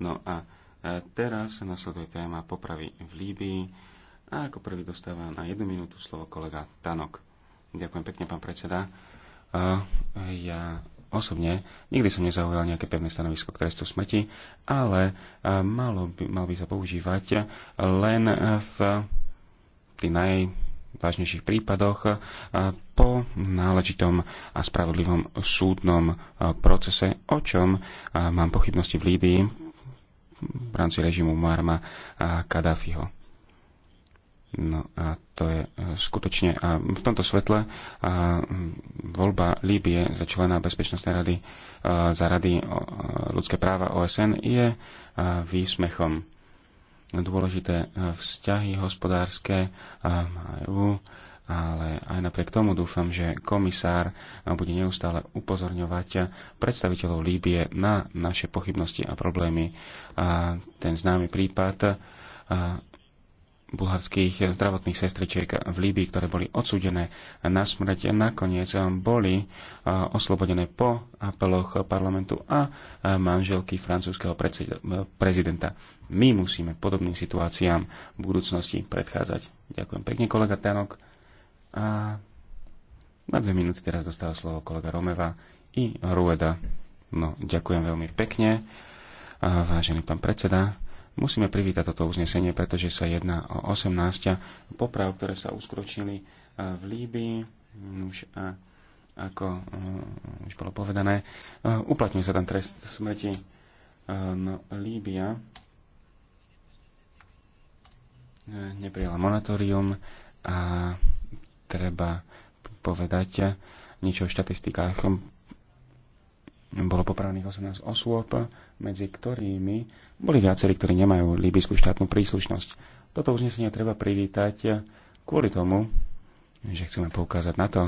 No a e, teraz nasleduje téma popravy v Líbii a ako prvý dostáva na jednu minútu slovo kolega Tanok. Ďakujem pekne, pán predseda. E, ja osobne nikdy som nezaujal nejaké pevné stanovisko k trestu smrti, ale e, malo by, mal by sa používať len v tých najvážnejších prípadoch po náležitom a spravodlivom súdnom procese, o čom mám pochybnosti v Líbii, v rámci režimu Marma a Kadáfiho. No a to je e, skutočne a v tomto svetle a voľba Líbie za člena Bezpečnostnej rady a e, za rady o e, ľudské práva OSN je výsmechom. Dôležité vzťahy hospodárske majú ale aj napriek tomu dúfam, že komisár bude neustále upozorňovať predstaviteľov Líbie na naše pochybnosti a problémy. A ten známy prípad bulharských zdravotných sestričiek v Líbii, ktoré boli odsúdené na smrť, nakoniec boli oslobodené po apeloch parlamentu a manželky francúzského prezidenta. My musíme podobným situáciám v budúcnosti predchádzať. Ďakujem pekne, kolega Tanok. A na dve minúty teraz dostáva slovo kolega Romeva i Rueda. No, ďakujem veľmi pekne. A vážený pán predseda, musíme privítať toto uznesenie, pretože sa jedná o 18 poprav, ktoré sa uskročili v Líbii. Už a ako e, už bolo povedané, e, uplatňuje sa tam trest smrti. E, no, Líbia neprijala monatórium a treba povedať niečo o štatistikách. Bolo popravených 18 osôb, medzi ktorými boli viacerí, ktorí nemajú líbyskú štátnu príslušnosť. Toto uznesenie treba privítať kvôli tomu, že chceme poukázať na to,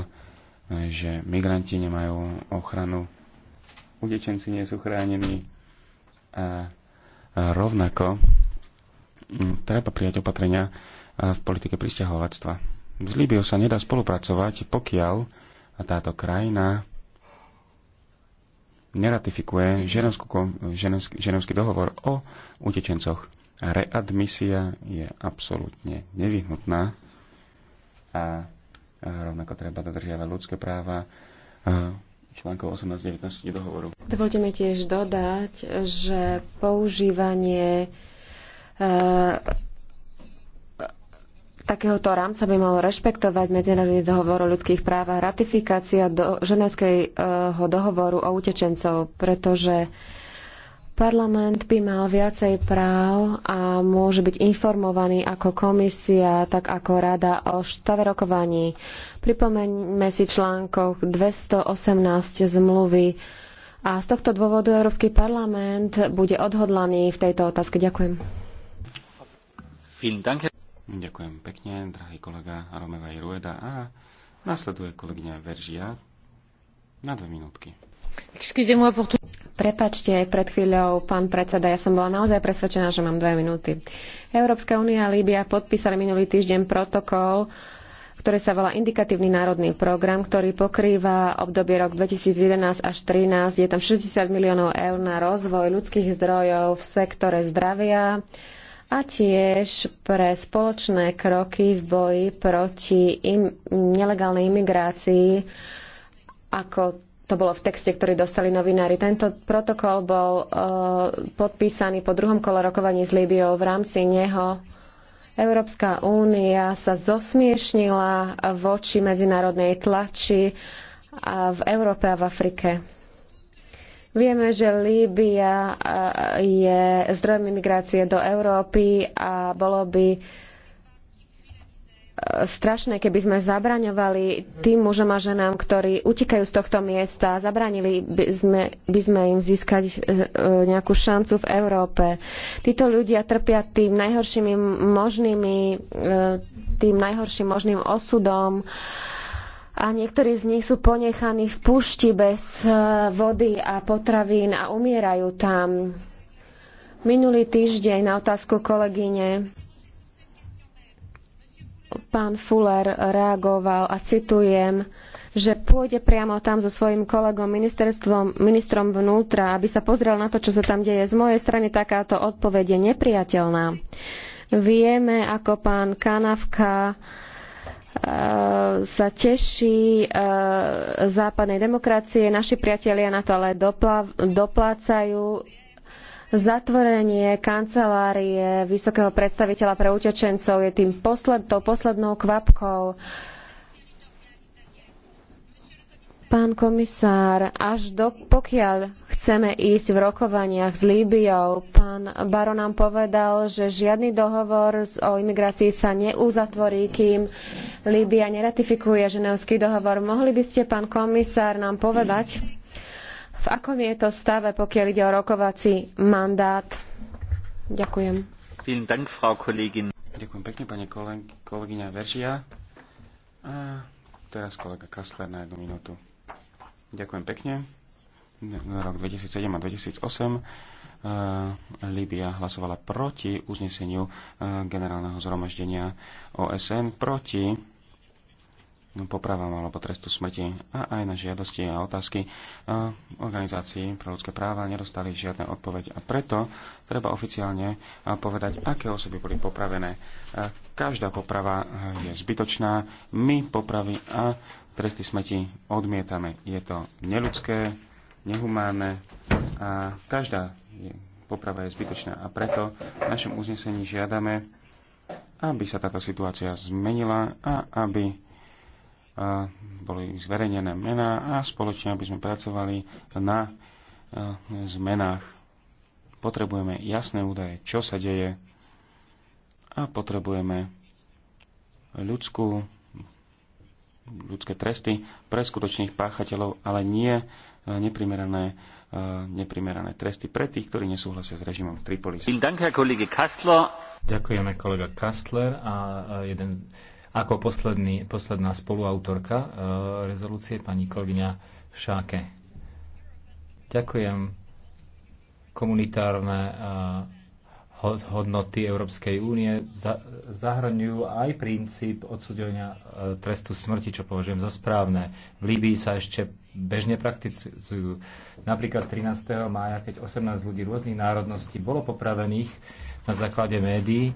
že migranti nemajú ochranu, udečenci nie sú chránení a rovnako treba prijať opatrenia v politike pristahovalectva. S Líbiou sa nedá spolupracovať, pokiaľ táto krajina neratifikuje ženevský dohovor o utečencoch. Readmisia je absolútne nevyhnutná a rovnako treba dodržiavať ľudské práva článkov 18 19 dohovoru. Dovolte mi tiež dodať, že používanie e, takéhoto rámca by malo rešpektovať Medzinárodný dohovor o ľudských právach, ratifikácia do ženevského dohovoru o utečencov, pretože parlament by mal viacej práv a môže byť informovaný ako komisia, tak ako rada o stave rokovaní. Pripomeňme si článkoch 218 zmluvy a z tohto dôvodu Európsky parlament bude odhodlaný v tejto otázke. Ďakujem. Ďakujem pekne, drahý kolega Romeva Irueda. A nasleduje kolegyňa Veržia na dve minútky. Prepačte, pred chvíľou, pán predseda, ja som bola naozaj presvedčená, že mám dve minúty. Európska únia a Líbia podpísali minulý týždeň protokol, ktorý sa volá Indikatívny národný program, ktorý pokrýva obdobie rok 2011 až 2013. Je tam 60 miliónov eur na rozvoj ľudských zdrojov v sektore zdravia, a tiež pre spoločné kroky v boji proti im, nelegálnej imigrácii, ako to bolo v texte, ktorý dostali novinári. Tento protokol bol uh, podpísaný po druhom kole rokovaní s Líbiou. V rámci neho Európska únia sa zosmiešnila voči medzinárodnej tlači a v Európe a v Afrike. Vieme, že Líbia je zdrojom imigrácie do Európy a bolo by e, strašné, keby sme zabraňovali tým mužom a ženám, ktorí utekajú z tohto miesta, zabránili by sme, by sme im získať e, e, nejakú šancu v Európe. Títo ľudia trpia tým najhoršími možnými, tým najhorším možným osudom a niektorí z nich sú ponechaní v púšti bez eh, vody a potravín a umierajú tam. Minulý týždeň na otázku kolegyne pán Fuller reagoval a citujem, že pôjde priamo tam so svojim kolegom ministerstvom, ministrom vnútra, aby sa pozrel na to, čo sa tam deje. Z mojej strany takáto odpoveď je nepriateľná. Vieme, ako pán Kanavka sa teší eh, západnej demokracie. Naši priatelia na to ale doplácajú Zatvorenie kancelárie vysokého predstaviteľa pre utečencov je tým posled, tou poslednou kvapkou. Pán komisár, až do, pokiaľ chceme ísť v rokovaniach s Líbiou. Pán Baro nám povedal, že žiadny dohovor o imigrácii sa neuzatvorí, kým Líbia neratifikuje ženevský dohovor. Mohli by ste, pán komisár, nám povedať, v akom je to stave, pokiaľ ide o rokovací mandát? Ďakujem. Ďakujem pekne, pani kolegyňa Veržia. A teraz kolega Kastler na jednu minútu. Ďakujem pekne rok 2007 a 2008 e, Líbia hlasovala proti uzneseniu e, generálneho zhromaždenia OSN proti popravám alebo trestu smrti a aj na žiadosti a otázky e, organizácií pre ľudské práva nedostali žiadne odpoveď a preto treba oficiálne povedať, aké osoby boli popravené. Každá poprava je zbytočná, my popravy a tresty smrti odmietame. Je to neludské, nehumánne a každá poprava je zbytočná. A preto v našom uznesení žiadame, aby sa táto situácia zmenila a aby boli zverejnené mená a spoločne, aby sme pracovali na zmenách. Potrebujeme jasné údaje, čo sa deje a potrebujeme ľudskú ľudské tresty pre skutočných páchateľov, ale nie e, neprimerané, e, neprimerané tresty pre tých, ktorí nesúhlasia s režimom v Tripolis. Ďakujeme kolega Kastler a e, jeden, ako posledný, posledná spoluautorka rezolúcie pani kolegyňa Šáke. Ďakujem komunitárne hodnoty Európskej únie zahrňujú aj princíp odsudenia e, trestu smrti, čo považujem za správne. V Líbii sa ešte bežne praktizujú. Napríklad 13. mája, keď 18 ľudí rôznych národností bolo popravených na základe médií, e,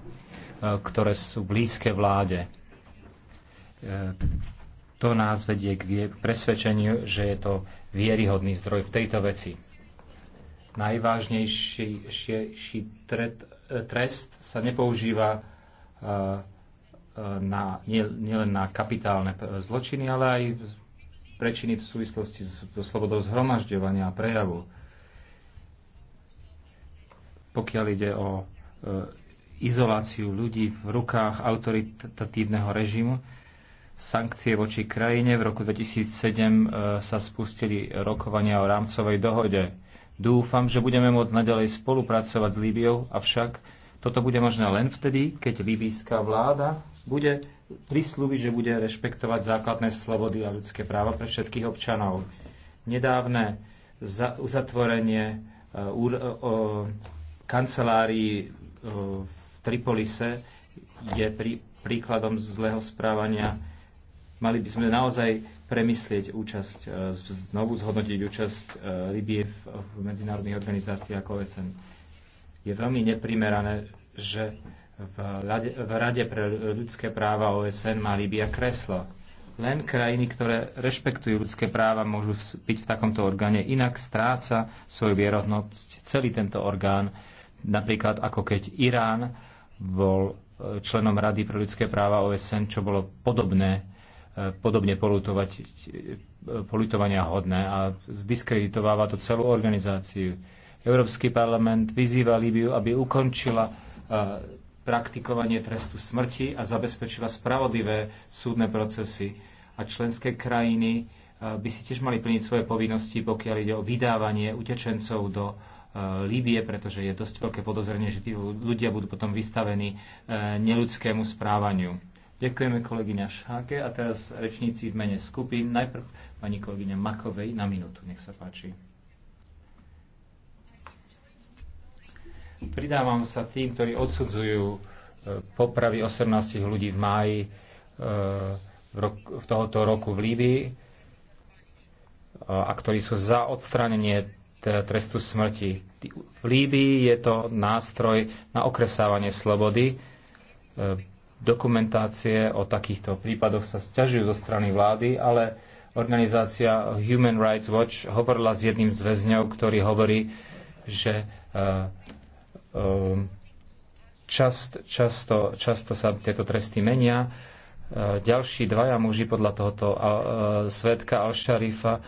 ktoré sú blízke vláde. E, to nás vedie k presvedčeniu, že je to vieryhodný zdroj v tejto veci najvážnejší tret trest sa nepoužíva e, e, na, nielen na kapitálne zločiny, ale aj prečiny v súvislosti so slobodou zhromažďovania a prejavu. Pokiaľ ide o e, izoláciu ľudí v rukách autoritatívneho režimu, sankcie voči krajine v roku 2007 sa spustili rokovania o rámcovej dohode Dúfam, že budeme môcť naďalej spolupracovať s Líbiou, avšak toto bude možné len vtedy, keď líbijská vláda bude prislúbiť, že bude rešpektovať základné slobody a ľudské práva pre všetkých občanov. Nedávne uzatvorenie uh, uh, kancelárií uh, v Tripolise je príkladom zlého správania. Mali by sme naozaj premyslieť účasť, e, znovu zhodnotiť účasť e, Libie v, v medzinárodných organizáciách ako OSN. Je veľmi neprimerané, že v, Rade, v Rade pre ľudské práva OSN má Libia kreslo. Len krajiny, ktoré rešpektujú ľudské práva, môžu byť v takomto orgáne. Inak stráca svoju vierohodnosť celý tento orgán. Napríklad ako keď Irán bol e, členom Rady pre ľudské práva OSN, čo bolo podobné podobne polutovať, polutovania hodné a zdiskreditováva to celú organizáciu. Európsky parlament vyzýva Líbiu, aby ukončila e, praktikovanie trestu smrti a zabezpečila spravodlivé súdne procesy. A členské krajiny e, by si tiež mali plniť svoje povinnosti, pokiaľ ide o vydávanie utečencov do e, Líbie, pretože je dosť veľké podozrenie, že tí ľudia budú potom vystavení neľudskému správaniu. Ďakujeme kolegyňa Šáke a teraz rečníci v mene skupín. Najprv pani kolegyňa Makovej na minútu. Nech sa páči. Pridávam sa tým, ktorí odsudzujú e, popravy 18 ľudí v máji e, v, rok, v tohoto roku v Líbii e, a ktorí sú za odstránenie trestu smrti. V Líbii je to nástroj na okresávanie slobody dokumentácie o takýchto prípadoch sa sťažujú zo strany vlády, ale organizácia Human Rights Watch hovorila s jedným z väzňov, ktorý hovorí, že eh, eh, čast, často, často sa tieto tresty menia. Eh, ďalší dvaja muži podľa tohoto svetka Al-Sharifa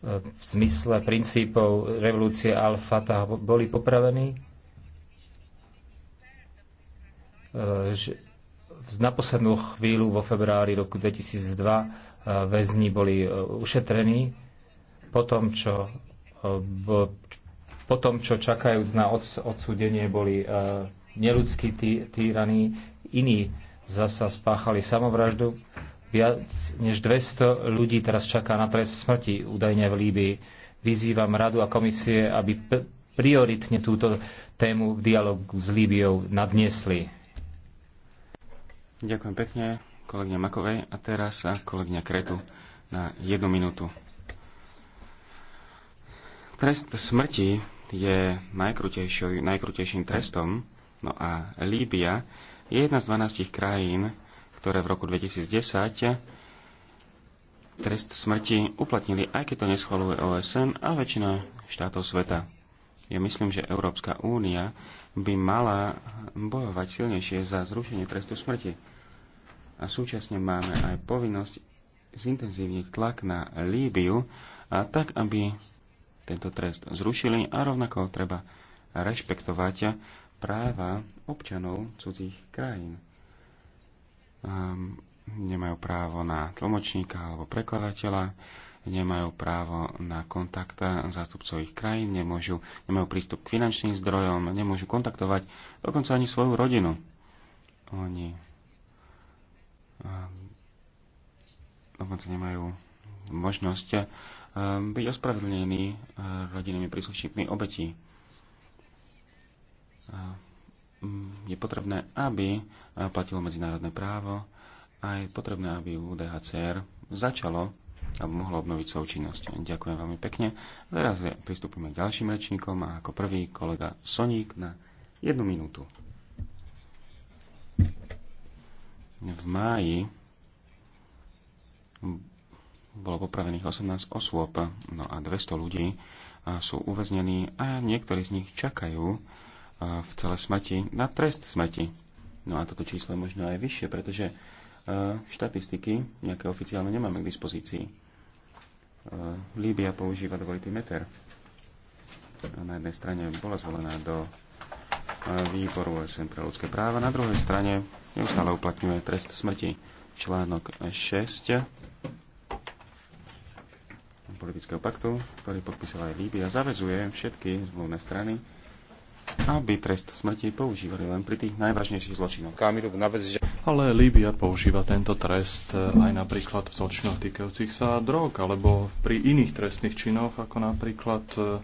v zmysle princípov revolúcie Al-Fatah boli popravení E, na poslednú chvíľu vo februári roku 2002 e, väzni boli e, ušetrení po tom, čo, po tom, čo čakajúc na odsúdenie boli neludskí tý, týraní, iní zasa spáchali samovraždu. Viac než 200 ľudí teraz čaká na trest smrti údajne v Líbii. Vyzývam radu a komisie, aby prioritne túto tému v dialogu s Líbiou nadniesli. Ďakujem pekne kolegyňa Makovej a teraz sa kolegyňa Kretu na jednu minútu. Trest smrti je najkrutejším trestom, no a Líbia je jedna z 12 krajín, ktoré v roku 2010 trest smrti uplatnili, aj keď to neschvaluje OSN a väčšina štátov sveta. Ja myslím, že Európska únia by mala bojovať silnejšie za zrušenie trestu smrti a súčasne máme aj povinnosť zintenzívniť tlak na Líbiu, a tak aby tento trest zrušili a rovnako treba rešpektovať práva občanov cudzích krajín. Um, nemajú právo na tlmočníka alebo prekladateľa, nemajú právo na kontakta zástupcov ich krajín, nemôžu, nemajú prístup k finančným zdrojom, nemôžu kontaktovať dokonca ani svoju rodinu. Oni dokonca nemajú možnosť eh, byť ospravedlnení eh, rodinnými príslušníkmi obetí. Eh, je potrebné, aby platilo medzinárodné právo a je potrebné, aby UDHCR začalo aby mohlo obnoviť svoju činnosť. Ďakujem veľmi pekne. Teraz pristúpime k ďalším rečníkom a ako prvý kolega Soník na jednu minútu. V máji bolo popravených 18 osôb, no a 200 ľudí sú uväznení a niektorí z nich čakajú v celé smrti na trest smrti. No a toto číslo je možno aj vyššie, pretože štatistiky nejaké oficiálne nemáme k dispozícii. Líbia používa dvojitý meter. Na jednej strane bola zvolená do výboru OSN pre ľudské práva, na druhej strane neustále uplatňuje trest smrti článok 6 politického paktu, ktorý podpísala aj Líbia, zavezuje všetky zmluvné strany, aby trest smrti používali len pri tých najvážnejších zločinoch. Ale Líbia používa tento trest eh, aj napríklad v zločinoch týkajúcich sa drog alebo pri iných trestných činoch, ako napríklad eh,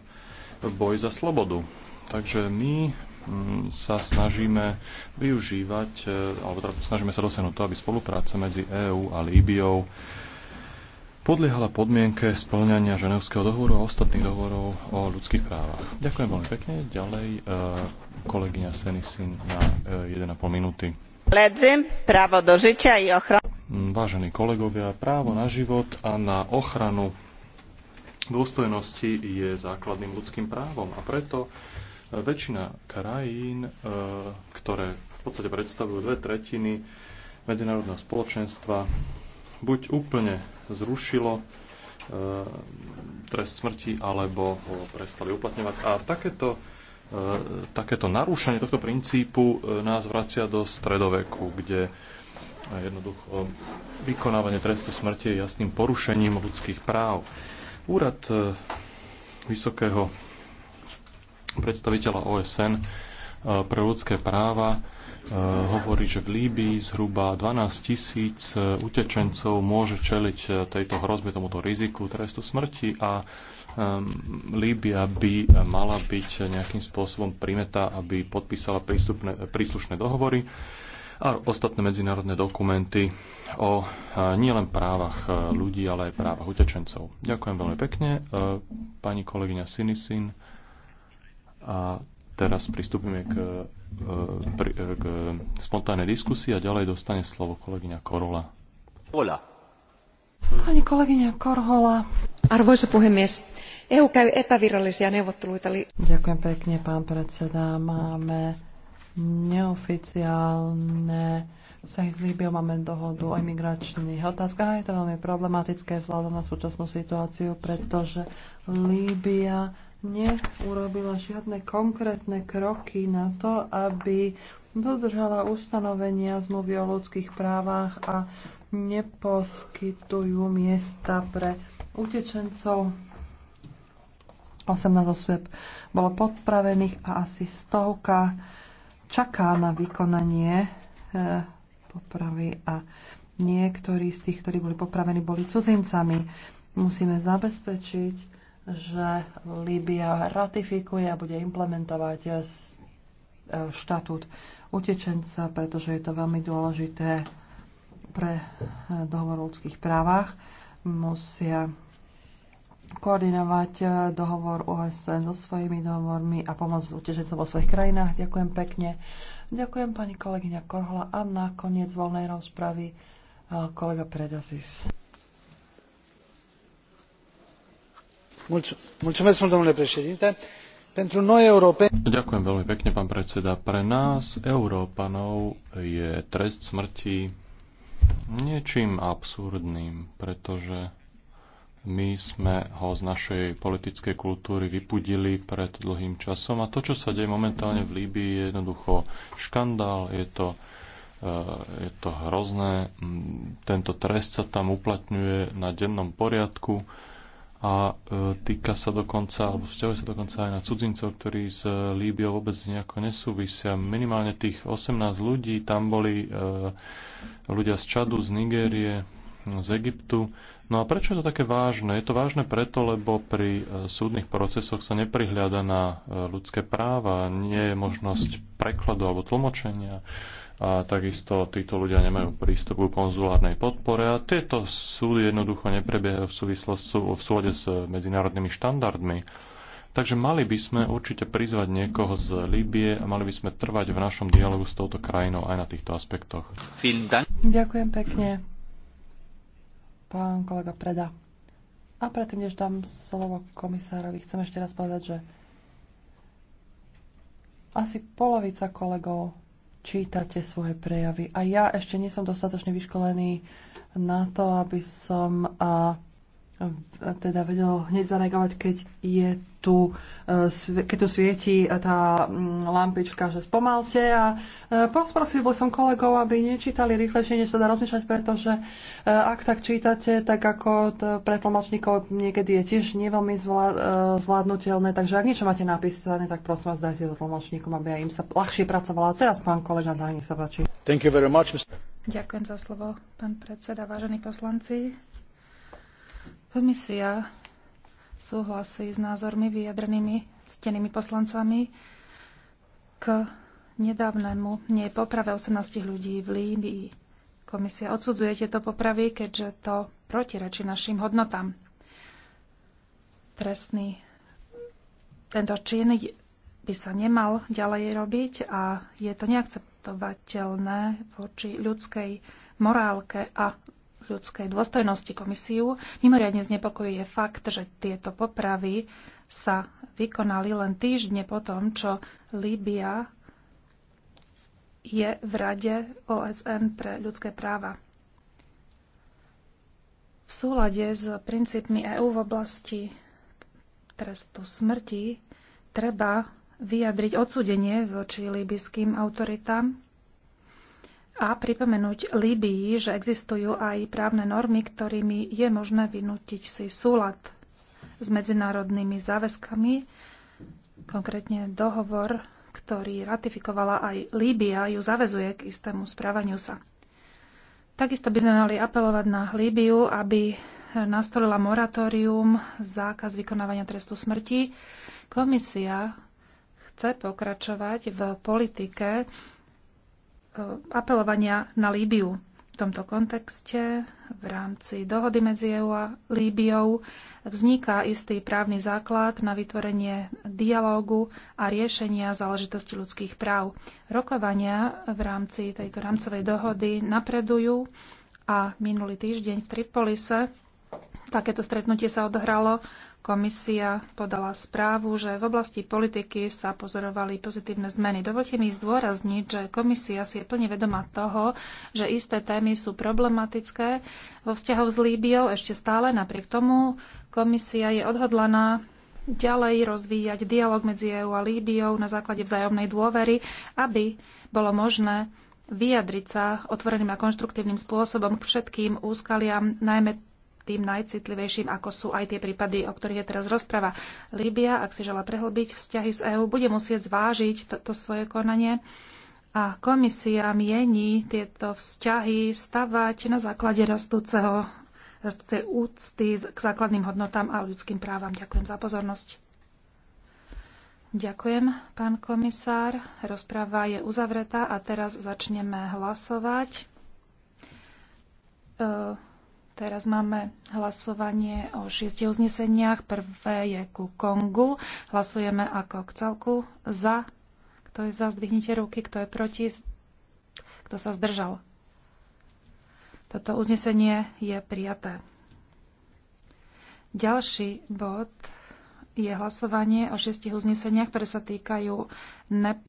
boj za slobodu. Takže my Mm, sa snažíme využívať, e, alebo teda snažíme sa dosiahnuť to, aby spolupráca medzi EÚ a Líbiou podliehala podmienke splňania Ženevského dohovoru a ostatných dohovorov o ľudských právach. Ďakujem veľmi pekne. Ďalej e, kolegyňa Senisin na 1,5 e, minúty. právo do žiťa i ochranu. Mm, vážení kolegovia, právo na život a na ochranu dôstojnosti je základným ľudským právom a preto Väčšina krajín, e, ktoré v podstate predstavujú dve tretiny medzinárodného spoločenstva, buď úplne zrušilo e, trest smrti, alebo ho prestali uplatňovať. A takéto e, takéto narúšanie tohto princípu nás vracia do stredoveku, kde jednoducho vykonávanie trestu smrti je jasným porušením ľudských práv. Úrad vysokého predstaviteľa OSN e, pre ľudské práva e, hovorí, že v Líbii zhruba 12 tisíc e, utečencov môže čeliť tejto hrozbe, tomuto riziku trestu smrti a Líbia by mala byť nejakým spôsobom primetá, aby podpísala príslušné dohovory a ostatné medzinárodné dokumenty o nielen právach ľudí, ale aj právach utečencov. Ďakujem veľmi pekne. Pani kolegyňa Sinisin a teraz pristúpime k, e, e, k, spontánnej diskusii a ďalej dostane slovo kolegyňa Korola. Ola. Pani kolegyňa Korhola. Arvoisa puhemies, EU käy epävirallisia neuvotteluita. Li- Ďakujem pekne, pán predseda. Máme neoficiálne vzťahy s Líbiou, máme dohodu o imigračných otázkach. Je to veľmi problematické vzhľadom na súčasnú situáciu, pretože Líbia neurobila žiadne konkrétne kroky na to, aby dodržala ustanovenia zmluvy o ľudských právach a neposkytujú miesta pre utečencov. 18 osôb bolo podpravených a asi stovka čaká na vykonanie e, popravy a niektorí z tých, ktorí boli popravení, boli cudzincami. Musíme zabezpečiť, že Líbia ratifikuje a bude implementovať eh, eh, štatút utečenca, pretože je to veľmi dôležité pre eh, dohovor o ľudských právach. Musia koordinovať dohovor OSN so svojimi dohovormi a pomôcť utečencom vo svojich krajinách. Ďakujem pekne. Ďakujem pani kolegyňa Korhola a nakoniec voľnej rozpravy kolega Predazis. Ďakujem veľmi pekne, pán predseda. Pre nás, Európanov, je trest smrti niečím absurdným, pretože my sme ho z našej politickej kultúry vypudili pred dlhým časom a to, čo sa deje momentálne v Líbii, je jednoducho škandál, je to, e, je to hrozné. Tento trest sa tam uplatňuje na dennom poriadku a e, týka sa dokonca, alebo vzťahuje sa dokonca aj na cudzincov, ktorí s e, Líbiou vôbec nejako nesúvisia. Minimálne tých 18 ľudí, tam boli e, ľudia z Čadu, z Nigérie, z Egyptu. No a prečo je to také vážne? Je to vážne preto, lebo pri súdnych procesoch sa neprihliada na ľudské práva, nie je možnosť prekladu alebo tlmočenia a takisto títo ľudia nemajú prístup ku konzulárnej podpore a tieto súdy jednoducho neprebiehajú v súvislosti v súlade s medzinárodnými štandardmi. Takže mali by sme určite prizvať niekoho z Líbie a mali by sme trvať v našom dialogu s touto krajinou aj na týchto aspektoch. Ďakujem pekne, pán kolega Preda. A predtým, než dám slovo komisárovi, chcem ešte raz povedať, že asi polovica kolegov čítate svoje prejavy. A ja ešte nie som dostatočne vyškolený na to, aby som a, teda vedel hneď zareagovať, keď je tu, eh, keď tu svieti tá mm, lampička, že spomalte a eh, prosprosil som kolegov, aby nečítali rýchlejšie, než sa dá rozmýšľať, pretože eh, ak tak čítate, tak ako to pre tlmočníkov niekedy je tiež neveľmi zvládnutelné, takže ak niečo máte napísané, tak prosím vás dajte to tlmočníkom, aby aj im sa ľahšie pracovala. Teraz pán kolega, nech sa páči. Much, Ďakujem za slovo, pán predseda, vážení poslanci. Komisia súhlasí s názormi vyjadrenými stenými poslancami k nedávnemu nie poprave 18 ľudí v Líbii. Komisia odsudzuje tieto popravy, keďže to protirečí našim hodnotám. Trestný tento čin by sa nemal ďalej robiť a je to neakceptovateľné voči ľudskej morálke a ľudskej dôstojnosti komisiu. Mimoriadne znepokojuje fakt, že tieto popravy sa vykonali len týždne po tom, čo Líbia je v Rade OSN pre ľudské práva. V súlade s princípmi EÚ v oblasti trestu smrti treba vyjadriť odsudenie voči líbyským autoritám a pripomenúť Líbii, že existujú aj právne normy, ktorými je možné vynútiť si súlad s medzinárodnými záväzkami, konkrétne dohovor, ktorý ratifikovala aj Líbia, ju zavezuje k istému správaniu sa. Takisto by sme mali apelovať na Líbiu, aby nastolila moratórium, zákaz vykonávania trestu smrti. Komisia chce pokračovať v politike Eh, apelovania na Líbiu. V tomto kontexte v rámci dohody medzi EU a Líbiou vzniká istý právny základ na vytvorenie dialógu a riešenia záležitosti ľudských práv. Rokovania v rámci tejto rámcovej dohody napredujú a minulý týždeň v Tripolise takéto stretnutie sa odohralo Komisia podala správu, že v oblasti politiky sa pozorovali pozitívne zmeny. Dovolte mi zdôrazniť, že komisia si je plne vedomá toho, že isté témy sú problematické vo vzťahu s Líbiou ešte stále. Napriek tomu komisia je odhodlaná ďalej rozvíjať dialog medzi EU a Líbiou na základe vzájomnej dôvery, aby bolo možné vyjadriť sa otvoreným a konštruktívnym spôsobom k všetkým úskaliam, najmä tým najcitlivejším, ako sú aj tie prípady, o ktorých je teraz rozpráva. Líbia, ak si žela prehlbiť vzťahy s EÚ, bude musieť zvážiť toto svoje konanie a komisia mieni tieto vzťahy stavať na základe rastúceho, rastúcej úcty k základným hodnotám a ľudským právam. Ďakujem za pozornosť. Ďakujem, pán komisár. Rozpráva je uzavretá a teraz začneme hlasovať. E, Teraz máme hlasovanie o šiestich uzneseniach. Prvé je ku Kongu. Hlasujeme ako k celku za. Kto je za, zdvihnite ruky. Kto je proti, kto sa zdržal. Toto uznesenie je prijaté. Ďalší bod je hlasovanie o šiestich uzneseniach, ktoré sa týkajú NEP